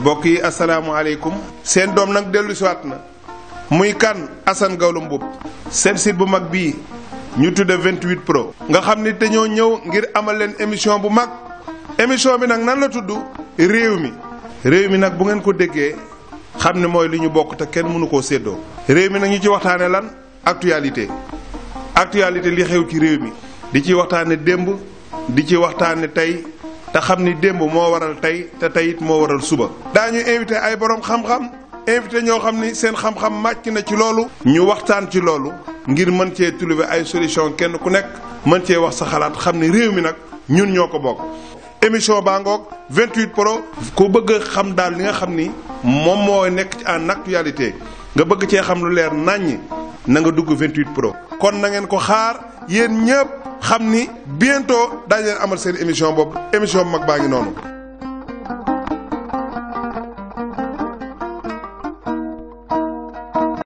mbokk yi asalaamaaleykum seen doom nag dellu siwaat na muy kan Assane Gawlo Mboup seen site bu mag bii ñu tudde 28 pro nga xam ni dañoo ñëw ngir amal leen émission bu mag émission bi nag nan la tudd réew mi réew mi nag bu ngeen ko déggee xam ne mooy li ñu bokk te kenn mënu koo séddoo réew mi nag ñu ci waxtaane lan actualité actualité li xew ci réew mi di ci waxtaane démb di ci waxtaane tey te xam ni démb moo waral tey te tey moo waral suba daañu invité ay boroom xam-xam invité ñoo xam ni seen xam-xam màcc na ci loolu ñu waxtaan ci loolu ngir mën cee trouver ay solution kenn ku nekk mën cee wax sa xalaat xam ni réew mi nag ñun ñoo ko bokk émission baa ngoog vingt 28 pro ku bëgg xam daal li nga xam ni moom mooy nekk ci en actualité nga bëgg cee xam lu leer nàññi na nga dugg 28 pro kon na ko xaar yéen ñëpp xam ni bientôt daañu leen amal seen émission boobu émission bu mag baa ngi noonu.